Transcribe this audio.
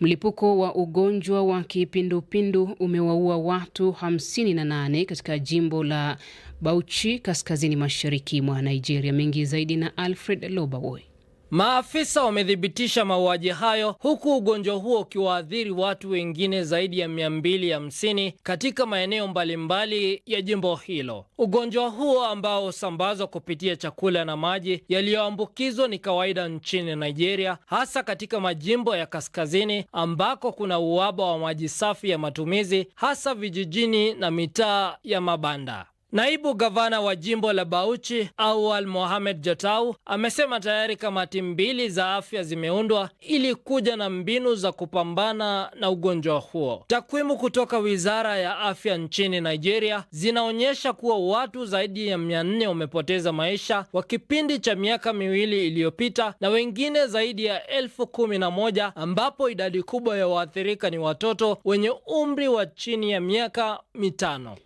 Mlipuko wa ugonjwa wa kipindupindu umewaua watu 58 katika jimbo la Bauchi kaskazini mashariki mwa Nigeria. Mengi zaidi na Alfred Lobawoy. Maafisa wamethibitisha mauaji hayo huku ugonjwa huo ukiwaathiri watu wengine zaidi ya 250 katika maeneo mbalimbali ya jimbo hilo. Ugonjwa huo ambao husambazwa kupitia chakula na maji yaliyoambukizwa ni kawaida nchini Nigeria, hasa katika majimbo ya kaskazini ambako kuna uhaba wa maji safi ya matumizi, hasa vijijini na mitaa ya mabanda. Naibu gavana wa jimbo la Bauchi Awal Mohamed Jatau amesema tayari kamati mbili za afya zimeundwa ili kuja na mbinu za kupambana na ugonjwa huo. Takwimu kutoka wizara ya afya nchini Nigeria zinaonyesha kuwa watu zaidi ya mia nne wamepoteza maisha kwa kipindi cha miaka miwili iliyopita na wengine zaidi ya elfu kumi na moja ambapo idadi kubwa ya waathirika ni watoto wenye umri wa chini ya miaka mitano.